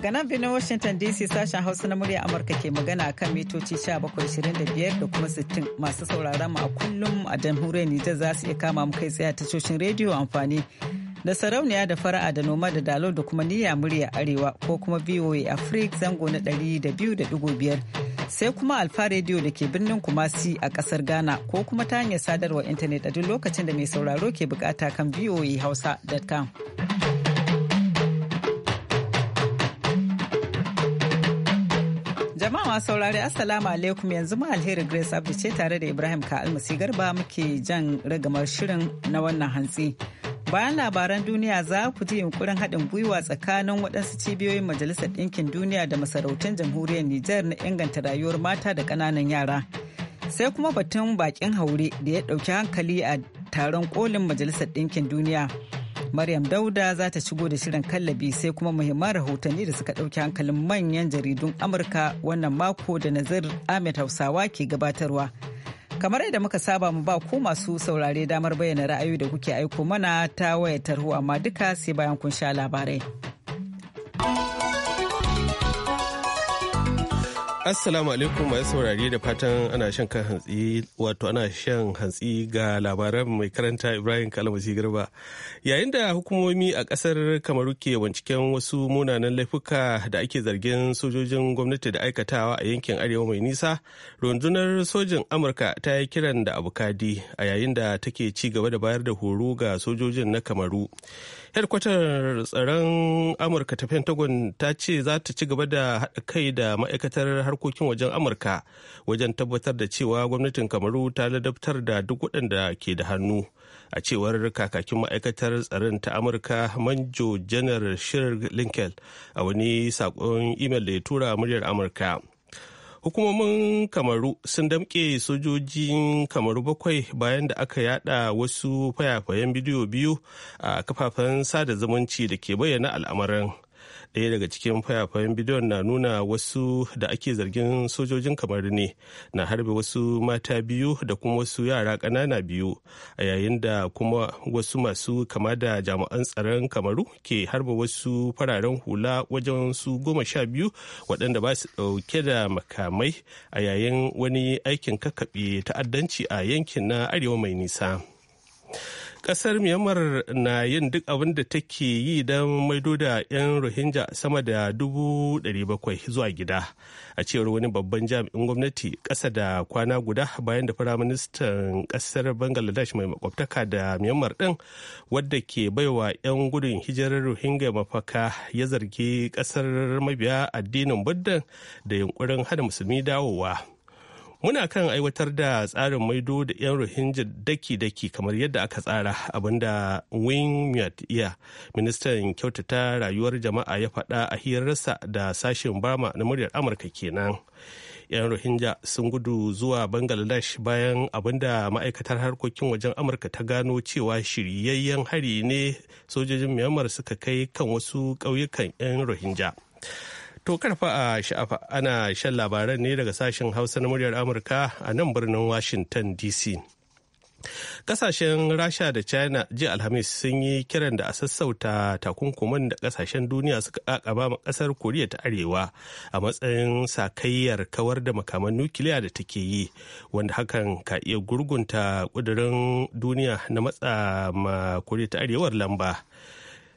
Daga nan birnin Washington DC sashen Hausa na murya Amurka ke magana a kan mitoci 1725 da kuma 60 masu sauraron mu a kullum a jamhuriyar Nijar za su iya kama mu kai tsaye a tashoshin rediyo amfani da sarauniya da fara'a da noma da dalo da kuma niyya murya arewa ko kuma VOA Africa zango na da da biyu biyar sai kuma alfa rediyo da ke birnin Kumasi a kasar Ghana ko kuma ta hanyar sadarwar intanet a duk lokacin da mai sauraro ke bukata kan voa hausa.com Jama'a masu saurari Assalamu alaikum yanzu ma alheri Grace abdi ce tare da Ibrahim Ka Almasi Garba muke jan ragamar shirin na wannan hantsi. Bayan labaran duniya za ku ji yunkurin haɗin gwiwa tsakanin waɗansu cibiyoyin Majalisar Ɗinkin Duniya da masarautun jamhuriyar Nijar na inganta rayuwar mata da ƙananan yara. Sai kuma batun bakin haure da ya ɗauki hankali a taron kolin Majalisar Ɗinkin Duniya. Maryam Dauda za ta shigo da shirin kallabi sai kuma muhimman rahotanni da suka ɗauki hankalin manyan jaridun Amurka wannan mako da nazar Ahmed Hausawa ke gabatarwa. Kamar yadda muka saba mu ba ko masu saurare damar bayyana ra'ayoyi da kuke aiko mana ta wayar tarho amma duka sai bayan kun sha labarai. Assalamu alaikum masu saurari da fatan ana shan kan hantsi wato ana shan hantsi ga labaran mai karanta Ibrahim Kalmasi Garba. Yayin da hukumomi a kasar Kamaru ke binciken wasu munanan laifuka da ake zargin sojojin gwamnati da aikatawa a yankin Arewa mai nisa, rundunar sojin Amurka ta yi kiran da abukadi a yayin da take ci gaba da bayar da horo ga sojojin na Kamaru. Hedkwatar tsaron Amurka ta Pentagon ta ce za ta ci gaba da haɗa kai da ma'aikatar harkokin wajen Amurka wajen tabbatar da cewa gwamnatin Kamaru ta ladabtar da duk waɗanda ke da hannu. A cewar kakakin ma'aikatar tsaron ta Amurka Manjo Janar Shir Linkel a wani saƙon imel da ya tura muryar Amurka. hukumomin kamaru sun damƙe sojojin kamaru bakwai bayan da aka yada wasu fayafayen bidiyo biyu a kafafen sada zumunci da ke bayyana al'amarin ɗaya daga cikin fayafayen bidiyon na nuna wasu da ake zargin sojojin kamar ne na harbe wasu mata biyu da kuma wasu yara ƙanana biyu a yayin da kuma wasu masu kama da jami'an tsaron kamaru ke harba wasu fararen hula wajen su goma sha biyu waɗanda ba su ɗauke da makamai a yayin wani aikin kakkaɓe ta'addanci a yankin na arewa mai nisa. kasar myanmar na yin duk abin da take yi don maido da 'yan rohingya sama da dubu zuwa gida a cewar wani babban jami'in gwamnati ƙasa da kwana guda bayan da firaministan ƙasar bangladesh mai makwabtaka da myanmar ɗin wadda ke baiwa 'yan gudun hijirar rohingya mafaka ya zargi ƙasar mabiya addinin buddha da yunkurin hana musulmi dawowa muna kan aiwatar da tsarin maido da 'yan rohingya daki-daki kamar yadda aka tsara abinda wing myat iya ministan kyautata rayuwar jama'a ya faɗa a hirarsa da sashen bama na muryar amurka kenan 'yan rohingya sun gudu zuwa bangladesh bayan abinda ma'aikatar harkokin wajen amurka ta gano cewa shiryayyen hari ne sojojin myanmar suka kai kan wasu ƙauyukan 'yan rohingya To karfa a sha'afa ana shan labaran ne daga sashen Hausa na muryar Amurka a nan birnin Washington DC. Kasashen Rasha da China ji Alhamis sun yi kiran da a sassauta takunkuman da kasashen duniya suka kakaba ma kasar Koriya ta Arewa a matsayin sakayyar kawar da makaman nukiliya da take yi wanda hakan ka iya gurgunta kudurin duniya na matsa ma Koriya ta Arewar lamba.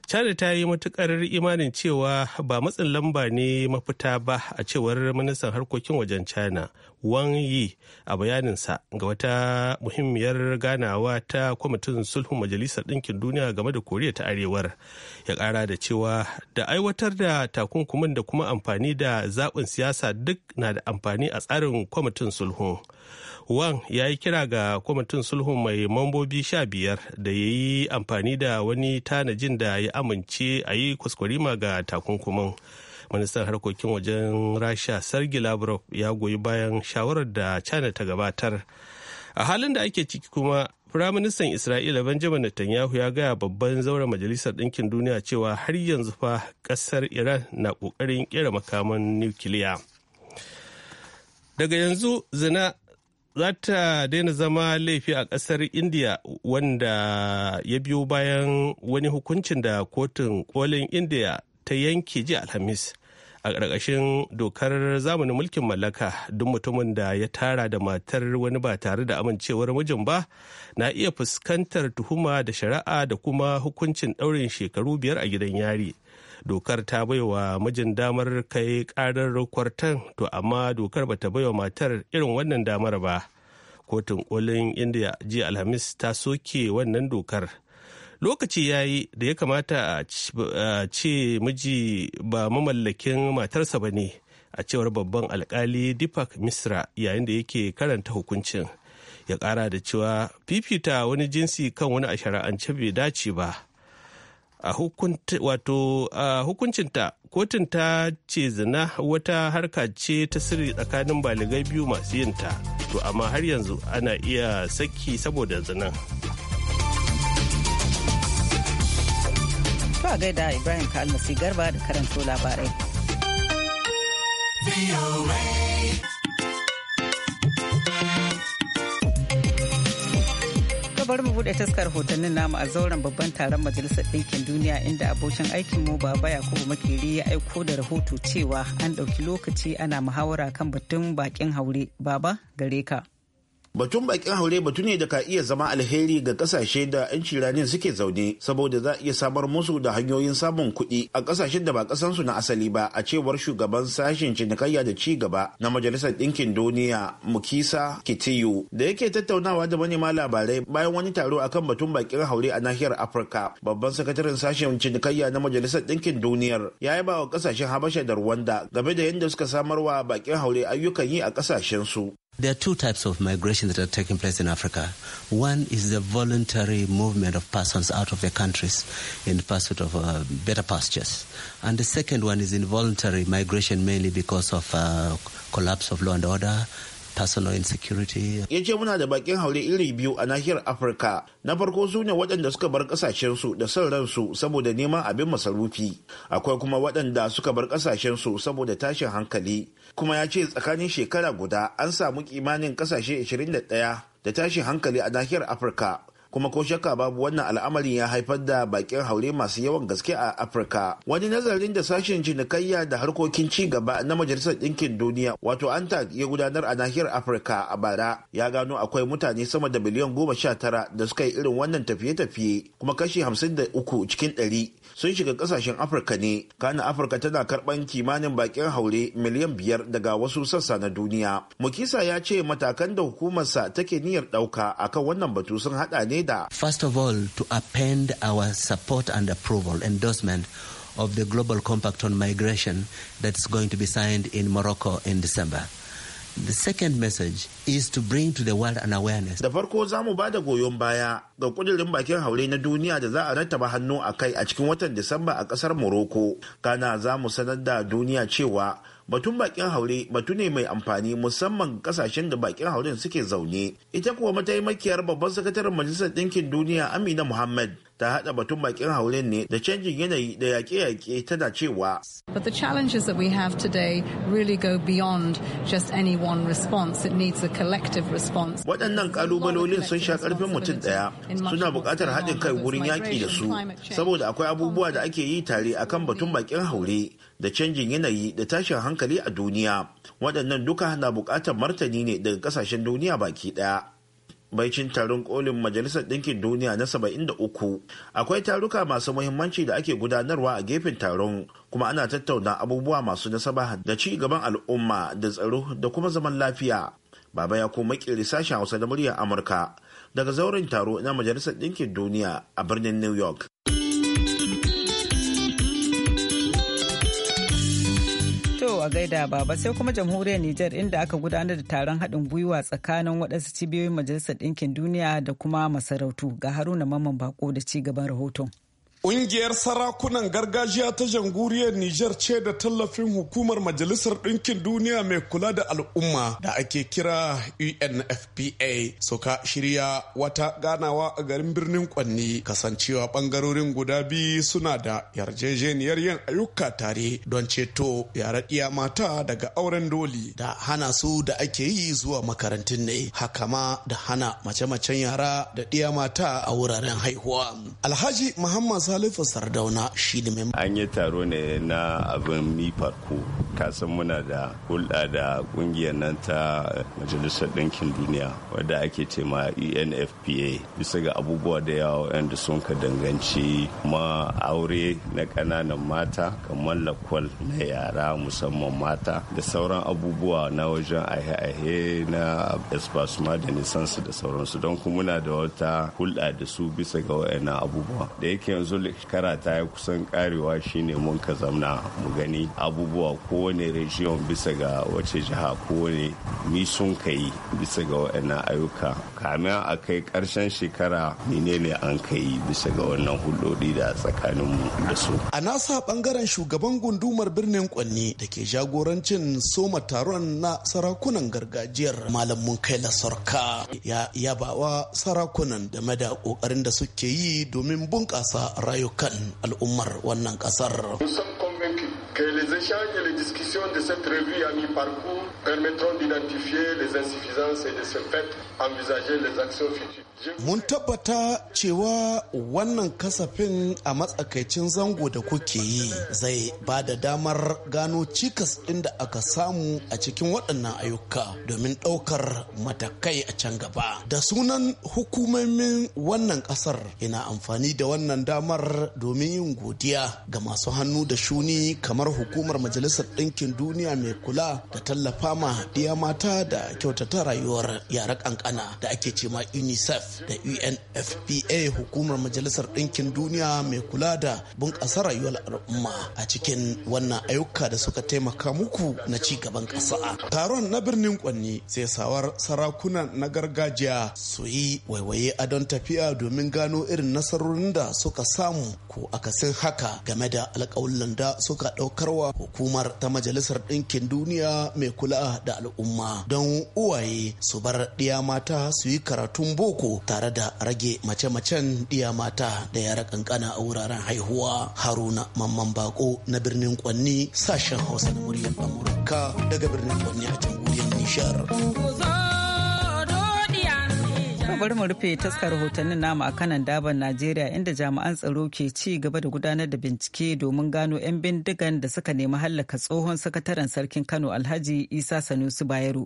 china ta yi matukar imanin cewa ba matsin lamba ne mafita ba a cewar ministan harkokin wajen china wang yi a bayaninsa ga wata muhimmiyar ganawa ta kwamitin sulhun majalisar ɗinkin duniya game da koriya ta arewar ya ƙara da cewa da aiwatar da takunkumin da kuma amfani da zaɓin siyasa duk na da amfani a tsarin kwamitin sulhun Wang ya yi kira ga kwamitin sulhu mai mambobi sha biyar da ya yi amfani da wani tanajin da ya amince a yi kwaskwarima ga takunkumin. Ministan harkokin wajen Rasha Sergei Lavrov ya goyi bayan shawarar da China ta gabatar. A halin da ake ciki kuma Firaministan Isra'ila Benjamin Netanyahu ya gaya babban zauren Majalisar Ɗinkin Duniya cewa har yanzu fa ƙasar Iran na ƙoƙarin ƙera makaman nukiliya. Daga yanzu zina za ta daina zama laifi a ƙasar indiya wanda ya biyo bayan wani hukuncin da kotun kolin indiya ta yanke ji alhamis a ƙarƙashin dokar zamanin mulkin mallaka duk mutumin da ya tara da matar wani ba tare da amincewar mijin ba na iya fuskantar tuhuma da shari'a da kuma hukuncin ɗaurin shekaru biyar a gidan yari dokar ta baiwa mijin damar kai karar kwartan to amma dokar bata baiwa matar irin wannan damar ba kotun kolin india jiya alhamis ta soke wannan dokar lokaci ya yi da ya kamata a ce miji ba mamallakin matarsa ba ne a cewar babban alkali deepak misra yayin da yake karanta hukuncin ya kara da cewa fifita wani jinsi kan wani a shari'ance bai dace ba a hukuncinta kotun ta ce zina wata harka ce ta sirri tsakanin baligai biyu masu yin ta, to amma har yanzu ana iya saki saboda zina. to a gaida ibrahim ka almasi garba da karanto labarai To bar mu bude taskar hotonin namu a zauren babban taron Majalisar Ɗinkin Duniya inda abokin aikin mu Baba Yakubu Makeri ya aiko da rahoto cewa an ɗauki lokaci ana muhawara kan batun bakin haure. Baba gare ka. Batun bakin haure batu ne da ka iya zama alheri ga kasashe da 'yan ciranin suke zaune saboda za a iya samar musu da hanyoyin samun kuɗi a kasashen da ba kasansu na asali ba a cewar shugaban sashen cinikayya da ci gaba na Majalisar Ɗinkin Duniya Mukisa Kitiyu da yake tattaunawa da manema labarai bayan wani taro akan batun bakin haure a nahiyar Afirka. Babban sakataren sashen cinikayya na Majalisar Ɗinkin Duniyar ya yi ba wa kasashen Habasha da Rwanda game da yadda suka samarwa bakin haure ayyukan yi a kasashen su. There are two types of migration that are taking place in Africa. One is the voluntary movement of persons out of their countries in pursuit of uh, better pastures. And the second one is involuntary migration mainly because of uh, collapse of law and order, personal insecurity. Ya ce muna da bakin haure iri biyu a nahiyar Afirka. Na farko su ne waɗanda suka bar ƙasashensu da son ransu saboda neman abin masarufi. Akwai kuma waɗanda suka bar ƙasashensu saboda tashin hankali. Kuma ya ce tsakanin shekara guda an samu kimanin ƙasashe 21 da tashin hankali a nahiyar Afirka. kuma ko shakka babu wannan al'amarin ya haifar da bakin haure masu yawan gaske a afirka wani nazarin da sashen cinikayya da harkokin ci gaba na majalisar ɗinkin duniya wato antag ya gudanar a nahiyar afirka a bara ya gano akwai mutane sama da miliyan goma sha tara da suka yi irin wannan tafiye-tafiye kuma kashi hamsin da uku cikin ɗari sun shiga ƙasashen afirka ne kana afirka tana karɓan kimanin bakin haure miliyan biyar daga wasu sassa na duniya mukisa ya ce matakan da hukumarsa take niyyar ɗauka akan wannan batu sun haɗa ne al First of all, to append our support and approval, endorsement of the Global Compact on Migration that's going to be signed in Morocco in December. The second message is to bring to the world an awareness. Da farko za mu ba da goyon baya ga kudirin bakin haure na duniya da za a rattaba hannu a kai a cikin watan Disamba a kasar Morocco. Kana za mu sanar da duniya cewa batun bakin haure batu ne mai amfani musamman kasashen da bakin hauren suke zaune ita kuwa mataimakiyar babban sakataren majalisar ɗinkin duniya amina muhammad ta hada batun bakin hauren ne da canjin yanayi da yaƙe-yaƙe tana cewa but the challenges that we have today really go beyond just any one response it needs a collective response waɗannan kalubalolin sun sha karfin mutum ɗaya suna buƙatar haɗin kai wurin yaƙi da su saboda akwai abubuwa da ake yi tare akan batun bakin haure da canjin yanayi da tashin hankali a duniya waɗannan duka na buƙatar martani ne daga ƙasashen duniya baki ɗaya baicin taron kolin majalisar ɗinkin duniya na 73 akwai taruka masu muhimmanci da ake gudanarwa a gefen taron kuma ana tattauna abubuwa masu nasaba da ci gaban al'umma da tsaro da kuma zaman lafiya baba ya kuma kiri sashen hausa da muryar amurka daga zauren taro na majalisar ɗinkin duniya a birnin new york a gaida baba sai kuma jamhuriyar Nijar inda aka gudanar da taron haɗin gwiwa tsakanin waɗansu cibiyoyin Majalisar Ɗinkin Duniya da kuma masarautu ga Haruna Mamman Bako da ci gaban rahoton. Ƙungiyar sarakunan gargajiya ta janguriyar Nijar ce da tallafin hukumar Majalisar Ɗinkin Duniya mai kula da al'umma da ake kira UNFPA suka shirya wata ganawa a garin birnin Kwanni kasancewa ɓangarorin guda biyu suna da yarjejeniyar yin ayyuka tare don ceto yara iya mata daga auren doli da hana su da ake yi zuwa makarantun ne haka ma da hana mace-macen yara da iya mata a wuraren haihuwa. Alhaji Muhammad Salifu Sardauna shi da mai An yi taro ne na abin mi farko kasan muna da hulɗa da ƙungiyar nan ta Majalisar Ɗinkin Duniya wadda ake ce ma ENFPA bisa ga abubuwa da yawa yadda sun ka danganci ma aure na ƙananan mata kamar lakwal na yara musamman mata da sauran abubuwa na wajen ahe-ahe na espasuma da nisansu da sauransu don kuma muna da wata hulɗa da su bisa ga waannan abubuwa da yake yanzu dole shekara ta ya kusan karewa shine mun ka zamna mu gani abubuwa kowane region bisa ga wace jiha kowane mi sun ka yi bisa ga waɗannan ayyuka kamin a kai karshen shekara ne ne an ka yi bisa ga wannan hulɗoɗi da mu da su a nasa ɓangaren shugaban gundumar birnin kwanni da ke jagorancin soma taron na sarakunan gargajiyar malam mun kai sarka ya yabawa sarakunan game da ƙoƙarin da suke yi domin bunƙasa rayukan al'ummar wannan ƙasar. échanges et les discussions de cette revue à mi-parcours permettront d'identifier les insuffisances et de ce fait envisager les actions futures. Mun tabbata cewa wannan kasafin a matsakaicin zango da kuke yi zai ba da damar gano cikas ɗin da aka samu a cikin waɗannan ayyuka domin ɗaukar matakai a can gaba. Da sunan hukumomin wannan ƙasar yana amfani da wannan damar domin yin godiya ga masu hannu da shuni kamar hukumar hukumar majalisar ɗinkin duniya mai kula da tallafa ma ɗiya mata da kyautata rayuwar yara ƙanƙana da ake cema unicef da unfpa hukumar majalisar ɗinkin duniya mai kula da bunƙasa rayuwar al'umma a cikin wannan ayyuka da suka taimaka muku na ci gaban ƙasa taron na birnin kwanni sai sawar sarakunan na gargajiya su yi waiwaye don tafiya domin gano irin nasarorin da suka samu ko akasin haka game da alƙawullan da suka ɗaukarwa wa hukumar ta majalisar ɗinkin duniya mai kula da al'umma don uwaye su bar ɗiya mata su yi karatun boko tare da rage mace-macen ɗiya mata da yara ƙanƙana a wuraren haihuwa haruna mamman bako na birnin kwanni sashen hausa na muryar amurka daga birnin kwanni a jamhuriyar nishar. Ka bar mu rufe taskar rahotannin namu a kanan daban Najeriya inda jami'an tsaro ke ci gaba da gudanar da bincike domin gano 'yan bindigan da suka nemi hallaka tsohon sakataren sarkin Kano Alhaji Isa Sanusi Bayero.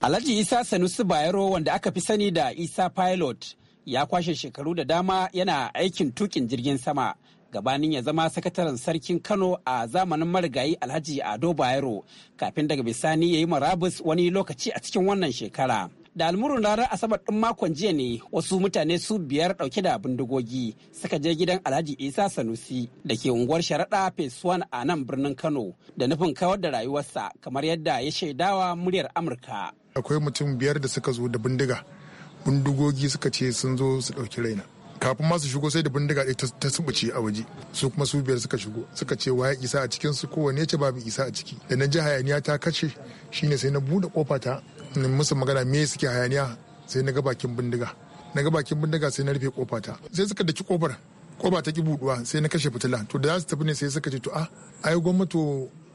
Alhaji Isa Sanusi Bayero wanda aka fi sani da Isa Pilot ya kwashe shekaru da dama yana aikin tukin jirgin sama gabanin ya zama sakataren sarkin kano a zamanin marigayi alhaji ado bayero kafin daga bisani ya yi marabus wani lokaci a cikin wannan shekara da almurun ranar asabar ɗin makon jiya ne wasu mutane su biyar ɗauke da bindigogi suka je gidan alhaji isa sanusi da ke unguwar sharaɗa fesuwan a nan birnin kano da nufin kawar da rayuwarsa kamar yadda ya shaidawa muryar amurka akwai mutum biyar da suka zo da bindiga bindigogi suka ce sun zo su ɗauki raina kafin masu shigo sai da bindiga ta subuce a waje su kuma su biyar suka shigo suka ce waye isa a cikin su kowane ce babu isa a ciki da na ji hayaniya ta kace shine sai na buɗe kofa musu magana me suke hayaniya sai na ga bakin bindiga na ga bakin bindiga sai na rufe kofata sai suka daki kofar koba ta ki buduwa sai na kashe fitila to da za su tafi ne sai suka ce to a ah, ai gwamnati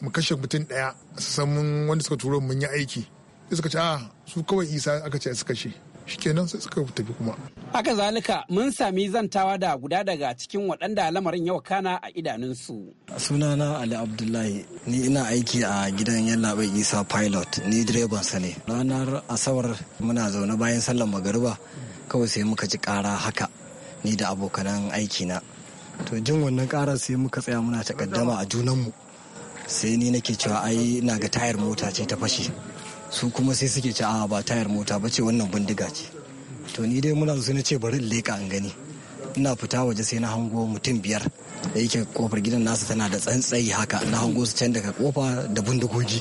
mu kashe mutum daya su san wanda suka turo mun yi aiki sai suka ce a ah, su kawai isa aka ce su kashe shikenan sai suka tafi kuma haka zalika mun sami zantawa da guda daga cikin waɗanda lamarin yau kana a idanunsu sunana ali abdullahi ni ina aiki a gidan yallaɓai isa pilot ni direban sa ne ranar asabar muna zaune bayan sallan magariba kawai sai muka ji kara haka ni da abokanan na to jin wannan karar sai muka tsaya muna takaddama a junanmu sai ni nake cewa ai na ga tayar mota ce ta fashe su kuma sai suke ce a ba tayar mota ba ce wannan bindiga ce to ni dai muna su na ce bari in leka an gani ina fita waje sai na hango mutum biyar da yake kofar gidan nasa tana da tsantsayi haka na hango su can daga kofa da bindigogi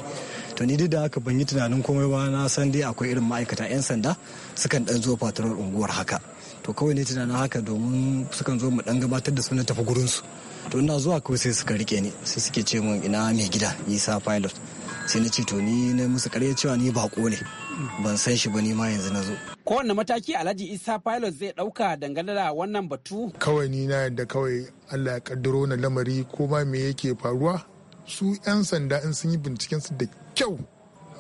to ni dai da haka ban yi tunanin komai ba na san dai akwai irin ma'aikata 'yan sanda sukan dan zo fatarar unguwar haka to kawai ne tunanin haka domin sukan zo mu dan gabatar da su na tafi gurinsu to ina zuwa kawai sai suka rike ni sai suke ce mun ina mai gida isa pilot sai na ce to ni na musu karya cewa ni bako ne ban san shi ba ni ma yanzu na zo kowanne mataki alhaji isa pilot zai dauka dangane da wannan batu kawai ni na yadda kawai allah ya kaddaro na lamari ko ma me yake faruwa su 'yan sanda in sun yi binciken su da kyau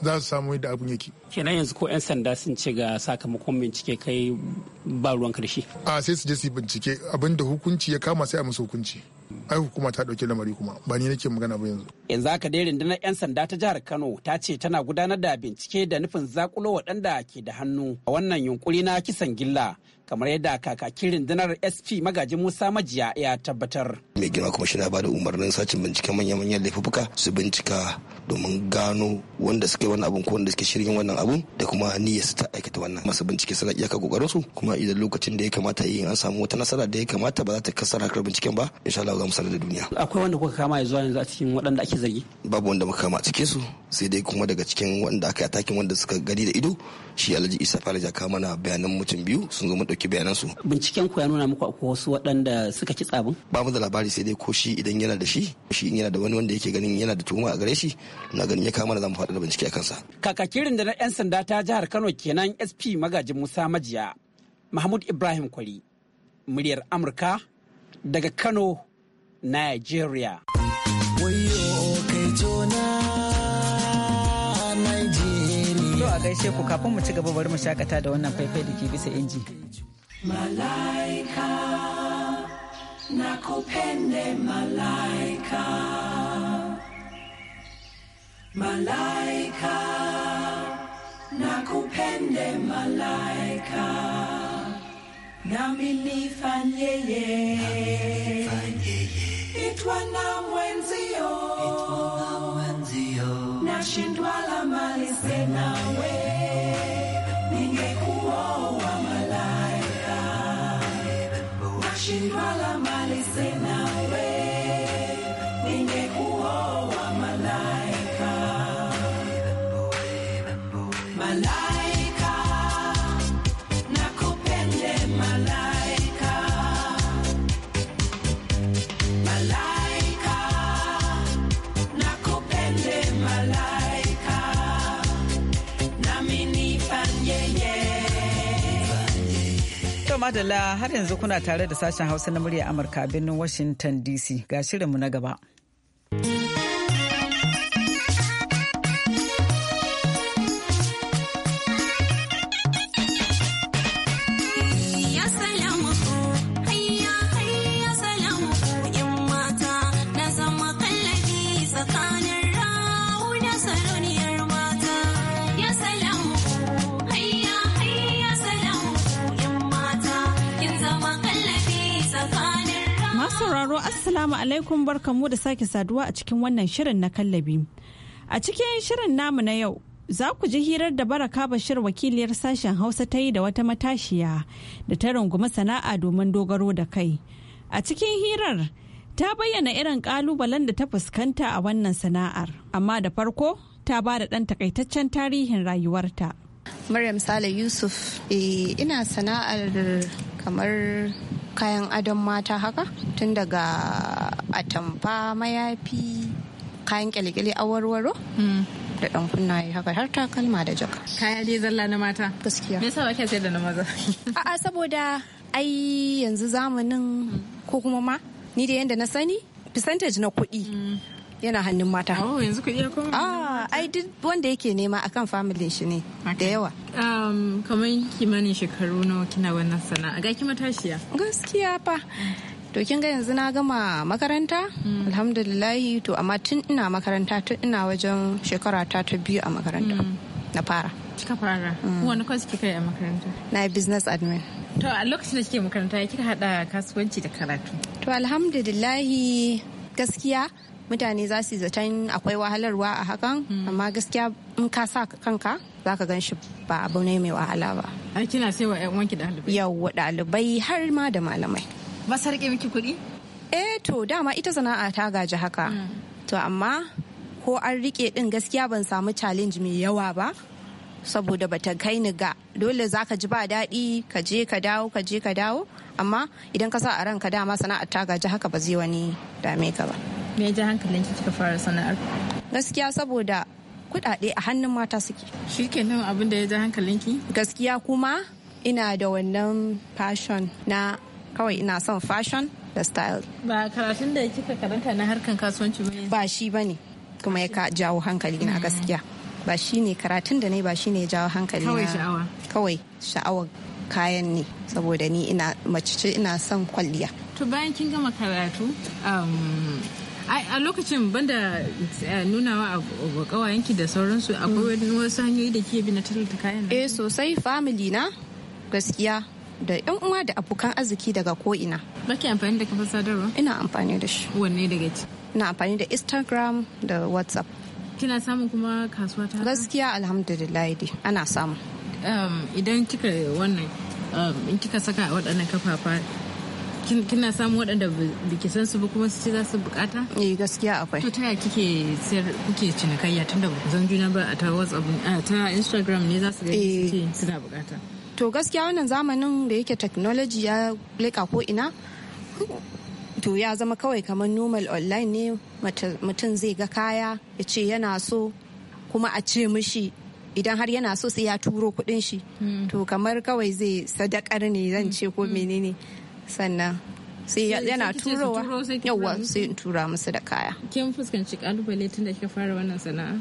za su samu yadda abin yake kenan yanzu ko 'yan sanda sun ce ga sakamakon bincike kai ba ruwan karshe a sai su je su bincike abin da hukunci ya kama sai a musu hukunci ai hukuma ta dauke lamari kuma ba ni nake magana ba yanzu yanzu haka dai rundunar 'yan sanda ta jihar kano ta ce tana gudanar da bincike da nufin zakulo waɗanda ke da hannu a wannan yunkuri na kisan gilla kamar yadda kakakin rundunar sp magajin musa majiya ya tabbatar mai girma kuma shi na da umarnin sacin binciken manya-manyan laifuka su bincika domin gano wanda suka yi wannan abun ko wanda suke shirin wannan abun da kuma niyyar su ta aikata wannan masu bincike suna iyaka kokarin su kuma idan lokacin da ya kamata yi an samu wata nasara da ya kamata ba za ta kasa harkar binciken ba insha Allah za mu sanar da duniya akwai wanda kuka kama ya zuwa yanzu a cikin waɗanda ake zargi babu wanda muka kama a cikin su sai dai kuma daga cikin wanda aka yi atakin wanda suka gani da ido shi Alhaji Isa Falaja kama na bayanan mutum biyu sun zo mu ɗauki su Binciken ku ya nuna muku akwai wasu waɗanda suka ci tsabin? Ba mu da labari sai dai ko shi idan yana da shi, shi in yana da wani wanda yake ganin yana da tuhuma a gare shi, na ganin ya kama da zamu faɗa da bincike a kansa. Kakakirin da na 'yan sanda ta jihar Kano kenan SP magajin Musa Majiya, Mahmud Ibrahim Kwari, muryar Amurka daga Kano, Nigeria. gaishe ku kafin mu ci gaba bari mu shakata da wannan faifai da ke bisa inji. Malaika na kupende malaika Malaika na kupende malaika Itwa na mwenzio Itwa na Nashindwa la mali sina we, ningekuoa malaika. Nashindwa la mali sina we, ningekuoa malaika. Malaika. madala har yanzu kuna tare da sashen hausa na murya amurka birnin washington dc ga shirinmu na gaba. alaikum barkamu da sake saduwa a cikin wannan shirin na kallabi. A cikin shirin namu na yau, za ku ji hirar da baraka bashir wakiliyar sashen hausa ta yi da wata matashiya da ta rungumi sana'a domin dogaro da kai a cikin hirar ta bayyana irin kalubalen da ta fuskanta a wannan sana'ar amma da farko ta ba da ɗan takaitaccen tarihin rayuwarta maryam sale yusuf eh, ina sana'ar kamar kayan adon mata haka tun daga atamfa mayafi kayan kyalikyali awarwaro hmm. da dan yi haka har takalma da jaka kaya dai zalla na mata gaskiya me yasa ba kya da na maza a'a saboda ai yanzu zamanin ko kuma ma ni da yanda na sani percentage na kuɗi hmm. yana hannun mata oh yanzu ku iya koma ah ai duk wanda yake nema akan family shi ne da yawa um kamar kimanin shekaru nawa kina wannan sana'a ga ki matashiya gaskiya fa to kin ga yanzu na gama makaranta hmm. alhamdulillahi to amma tun ina makaranta tun ina wajen shekara ta ta biyu a makaranta hmm. na fara kika fara hmm. wani kwas kika yi a makaranta na business admin To a lokacin da kike makaranta ya kika hada kasuwanci da karatu? To alhamdulillahi gaskiya mutane za su zaton akwai wahalarwa a hakan hmm. amma gaskiya in ka sa kanka za ka gan shi ba abu ne mai wahala ba ai kina sai wa wanki ɗalibai yawwa ɗalibai har ma da malamai ba su miki kuɗi eh to dama ita sana'a ta gaji haka hmm. to amma ko an rike din gaskiya ban samu challenge mai yawa ba saboda bata kai ni ga dole za ka ji ba daɗi ka je ka dawo ka je ka dawo amma idan ka sa a ranka dama sana'ar ta gaji haka ba zai wani dame ka ba me ya hankalin ki kika fara sana'ar gaskiya saboda kudade a hannun mata suke shikenan abin da ya ja ki? gaskiya kuma ina da wannan fashion na kawai ina son fashion da style ba karatun da kika karanta na harkan kasuwanci ba ba shi bane kuma ya jawo hankali na mm. gaskiya ba shi ne karatun da na ba shi ne ya jawo hankali kawai sha'awa kawai sha'awa kayan ne saboda ni ina mace ce ina son kwalliya to bayan kin gama karatu um, a lokacin banda eh, nunawa a kawayenki da sauransu akwai wasu hanyoyi da ke bi na tallata kayan eh sosai family na gaskiya da yan uwa da abokan arziki daga ko'ina. baki amfani da kafar sadarwa ina amfani da shi wanne daga ci ina amfani da instagram da whatsapp kina samun kuma kasuwa ta gaskiya alhamdulillah dai ana samu um, idan kika wannan um, in kika saka waɗannan kafafa kina samu waɗanda biki san su ba kuma su ce za su bukata? eh gaskiya akwai to taya kike sayar kuke cinikayya tunda zan juna ba a ta whatsapp ta instagram ne za su ga eh. ce suna bukata to gaskiya wannan zamanin da yake technology ya leka ko ina to ya zama kawai kamar normal online ne mutum zai ga kaya ya ce yana so kuma a ce mishi idan har yana so sai ya turo kudin shi hmm. to kamar kawai zai sadakar ne zan hmm. ce ko hmm. menene sannan sai yana turowa yawa sai in tura musu da kaya kin fuskanci kalubale tun da kika fara wannan sana'a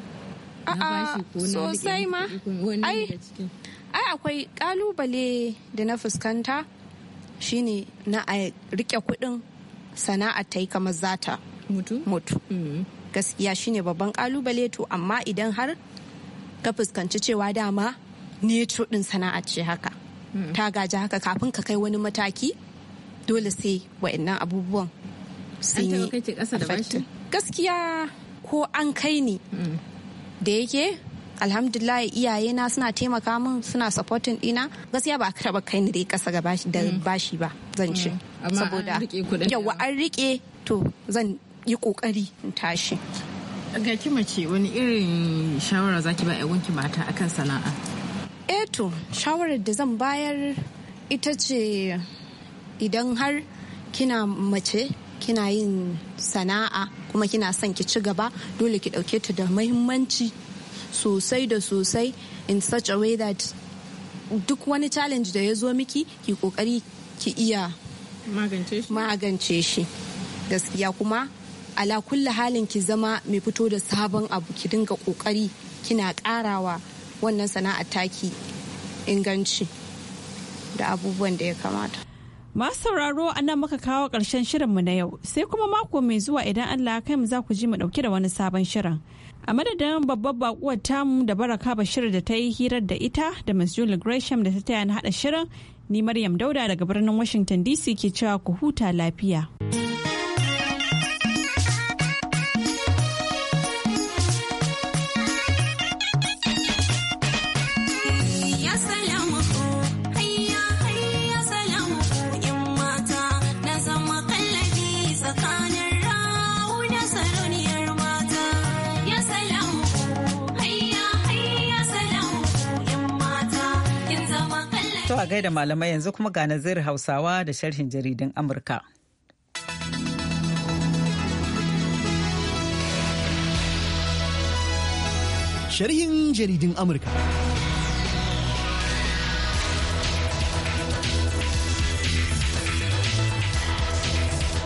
a'a sosai ma ai ai akwai kalubale da na fuskanta shine na a rike kudin sana'a ta yi kamar zata mutu mutu mm-hmm. gaskiya shine babban kalubale to amma idan har ka fuskanci cewa dama ne din sana'a ce haka mm-hmm. ta gaji haka kafin ka kai wani mataki dole sai wa'annan abubuwan sun yi gaskiya ko an kai ni mm. da yake alhamdulillah iyaye na suna taimaka min suna supporting dina gaskiya ba a taba kai ni dai kasa da mm. bashi ba zan ci mm. saboda yawa an rike to zan yi kokari in tashi ga ki mace wani irin shawara zaki ba yawanki mata akan sana'a eh to shawarar da zan bayar ita ce idan har kina mace kina yin sana'a kuma kina son ki ci gaba dole ki ɗauke ta da mahimmanci sosai da sosai in such a way that duk wani challenge da ya zo miki ki kokari ki iya magance shi gaskiya kuma ala kulla halin ki zama mai fito da sabon abu ki dinga kokari kina karawa wannan sana'a taki inganci da abubuwan da ya kamata Masu sauraro nan muka kawo ƙarshen shirinmu na yau sai kuma mako mai zuwa idan Allah kai mu za ku ji mu ɗauki da wani sabon shirin. A madadin babbar bakuwar tamu da baraka bashir da ta yi hirar da ita da Ms. Julie Gresham da ta taya na haɗa shirin ni Maryam Dauda daga birnin Washington DC ke cewa ku huta lafiya. da malamai yanzu kuma ga nazir hausawa da sharhin jaridin amurka sharhin jaridun amurka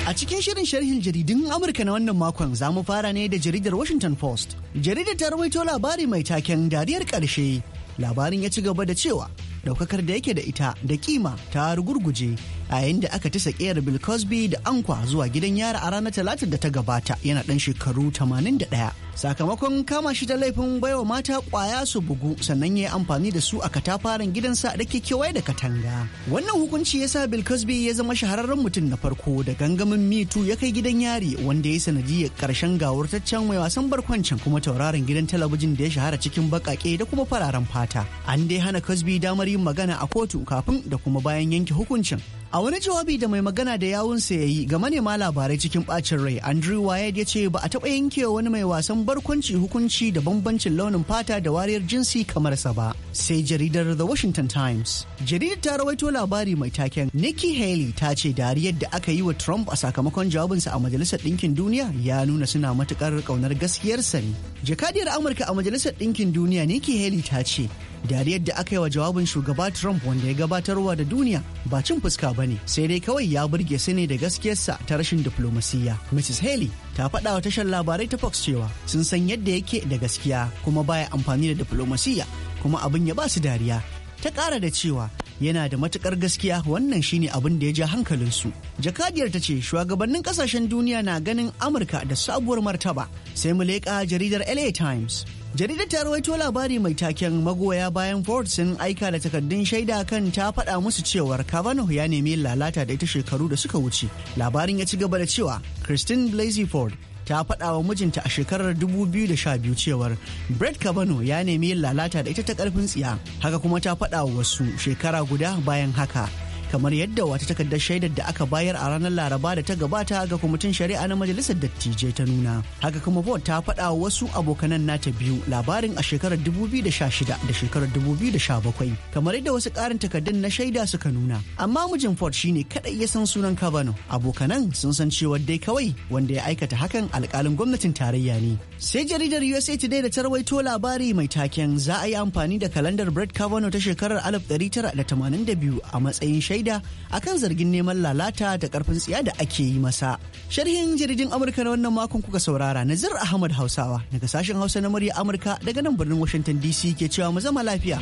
A cikin shirin sharhin jaridun Amurka na wannan makon za mu fara ne da jaridar Washington Post. Jaridar ta rawaito labari mai taken dariyar ƙarshe labarin ya ci gaba da cewa daukakar da yake da ita da kima ta rugurguje a yayin da aka tisa kiyar bill cosby da ankwa zuwa gidan yara a ranar talatin da ta gabata yana dan shekaru 81 sakamakon kama shi da laifin baiwa mata kwaya su bugu sannan ya yi amfani da su a katafaren gidansa da ke kewaye da katanga wannan hukunci ya sa bill cosby ya zama shahararren mutum na farko da gangamin mitu ya kai gidan yari wanda ya yi sanadiyar karshen gawurtaccen mai wasan barkwancin kuma tauraron gidan talabijin da ya shahara cikin bakake da kuma fararen fata an dai hana cosby damar yin magana a kotu kafin da kuma bayan yanke hukuncin a wani jawabi da mai magana da yawunsa ya yi ga manema labarai cikin bacin rai andrew wyatt ya ce ba a taɓa yankewa wani mai wasan barkwanci hukunci da bambancin launin fata da wariyar jinsi kamar sa ba. Sai jaridar The Washington Times. Jaridar ta rawaito labari mai taken Nikki Haley ta ce dariyar da aka yi wa Trump a sakamakon jawabinsa a Majalisar Ɗinkin Duniya ya nuna suna matukar ƙaunar gaskiyarsa ne. jakadiyar amurka a majalisar ɗinkin duniya ne ke haley ta ce dariyar da aka yi wa jawabin shugaba trump wanda ya gabatarwa da duniya ba cin fuska ba ne sai dai kawai ya burge su ne da gaskiyarsa ta rashin diflomasiyya mrs haley ta faɗa wa tashar labarai ta fox cewa sun san yadda yake da gaskiya kuma baya amfani da diflomasiyya kuma abin ya ba su dariya ta ƙara da cewa yana da matukar gaskiya wannan shine abin da ya ja hankalinsu. Jakadiyar ta ce shugabannin ƙasashen duniya na ganin Amurka da sabuwar martaba sai mu leƙa jaridar LA Times. Jaridar ta rawaito labari mai taken magoya bayan Ford sun aika da takardun shaida kan ta faɗa musu cewar Kavanaugh ya nemi lalata da ita shekaru da suka wuce. Labarin ya ci gaba da cewa Christine Blasey Ford ta faɗa wa mijinta a shekarar 2012 cewar Brett Kavanaugh ya nemi yin lalata da ita ta ƙarfin tsiya haka kuma ta faɗa wasu shekara guda bayan haka. kamar yadda wata takardar shaidar da aka bayar a ranar laraba da ta gabata ga kwamitin shari'a na majalisar dattijai ta nuna haka kuma ford ta faɗa wasu abokanan nata biyu labarin a shekarar 2016 da shekarar 2017 kamar yadda wasu ƙarin takardun na shaida suka nuna amma mijin ford shine kaɗai ya san sunan kavanaugh abokanan sun san cewa dai kawai wanda ya aikata hakan alƙalin gwamnatin tarayya ne sai jaridar usa today da tarwaito labari mai taken za a yi amfani da kalandar brett kavanaugh ta shekarar 1982 a matsayin shaida akan zargin neman lalata da karfin tsiya da ake yi masa sharhin jaridin amurka na wannan makon kuka saurara nazir ahmad hausawa daga sashen hausa na murya amurka daga nan birnin washington dc ke cewa mu zama lafiya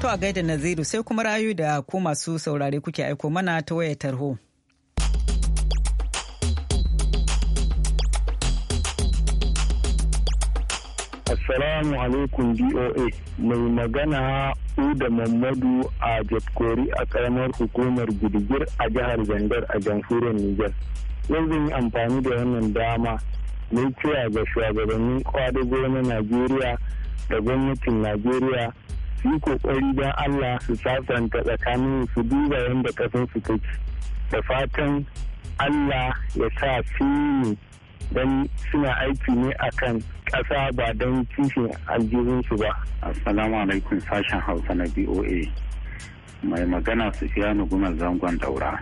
to a gaida naziru sai kuma rayu da ku masu saurare kuke aiko mana ta wayar tarho Assalamu alaikum DOA mai magana Uda Mamadu a Jatkori a karamar hukumar girgir a jihar Zangar a jamhuriyar Nijar. Yanzu zan yi amfani da wannan dama mai cewa ga shugabannin kwadago na Najeriya da gwamnatin Najeriya su yi kokari don Allah su sasanta tsakanin su duba yadda kasan su take. Da fatan Allah ya sa fi don suna aiki ne a kan ƙasa ba don kishin aljihunsu ba. Assalamu alaikum sashen Hausa na BOA. Mai magana su Sufiyanu nugunan Zangon Daura.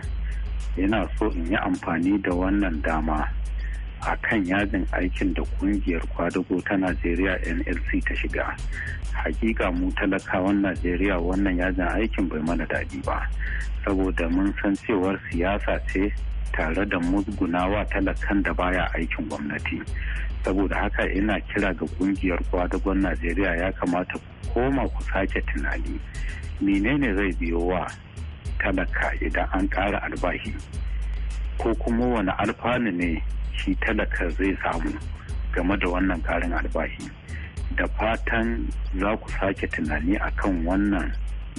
Yana so in yi amfani da wannan dama a kan yajin aikin da kungiyar kwadago ta Najeriya NLC ta shiga. Hakika mu talakawan Najeriya wannan yajin aikin bai mana daɗi ba. Saboda mun san cewar siyasa ce tare da musgunawa talakan da baya aikin gwamnati saboda haka ina kira ga kungiyar kwadagon najeriya ya kamata ku koma ku sake tunani menene zai biyo wa talaka idan an ƙara albashi ko kuma wani alfanu ne shi talaka zai samu game da wannan karin albashi da fatan za ku sake tunani akan wannan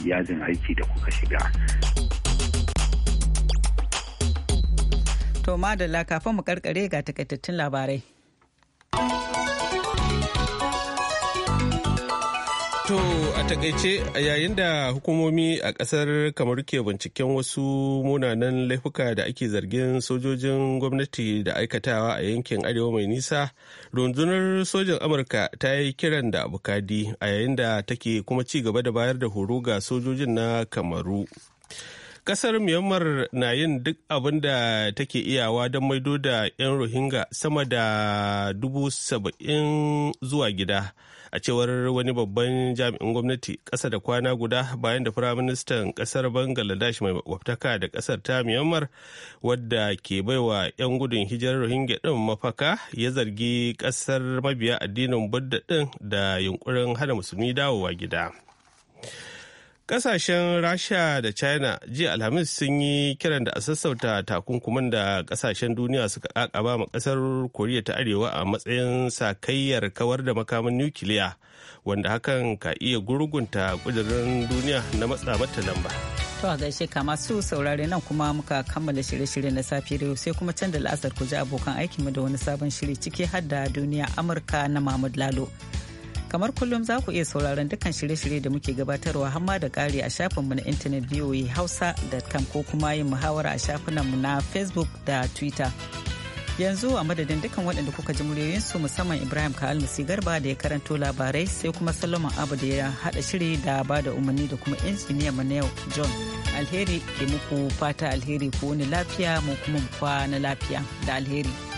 yajin aiki da kuka shiga. To madalla kafin mu karkare ga takaitattun labarai. To a takaice yayin da hukumomi a kasar kamar ke binciken wasu munanan laifuka da ake zargin sojojin gwamnati da aikatawa a yankin arewa mai nisa, rundunar sojin Amurka ta yi kiran da abokadi a yayin da take kuma ci gaba da bayar da horo ga sojojin na kamaru. Kasar Myanmar na yin duk abin da take iyawa don maido da 'yan Rohingya sama da dubu saba'in zuwa gida. A cewar wani babban jami'in gwamnati ƙasa da kwana guda bayan da Firaministan ƙasar Bangaladesh mai makwabtaka da ƙasar ta Myanmar wadda ke baiwa 'yan gudun hijirar Rohingya din mafaka ya zargi ƙasar mabiya addinin budda ɗin da yunkurin hana musulmi dawowa gida. Ƙasashen Rasha da China jiya Alhamis sun yi kiran da a sassauta takunkuman da ƙasashen duniya suka ƙaƙaba ma ƙasar Koriya ta Arewa a matsayin sakayyar kawar da makamin nukiliya wanda hakan ka iya gurgunta ƙudurin duniya na matsa mata lamba. To a gaishe kama su saurare nan kuma muka kammala shirye-shirye na safiyar yau sai kuma can da la'asar ku ji abokan aikinmu da wani sabon shiri ciki har da duniya Amurka na Mahmud Lalo. kamar kullum za ku iya sauraron dukkan shirye-shirye da muke gabatarwa hamma da ƙari a shafinmu na intanet voa hausa.com ko kuma yin muhawara a shafinan mu na facebook da twitter yanzu a madadin dukkan waɗanda kuka ji muryoyinsu musamman ibrahim ka almasi garba da ya karanto labarai sai kuma solomon abu da ya haɗa shiri da ba da umarni da kuma injiniya mu john alheri ke muku fata alheri ko wani lafiya mu kuma na lafiya da alheri.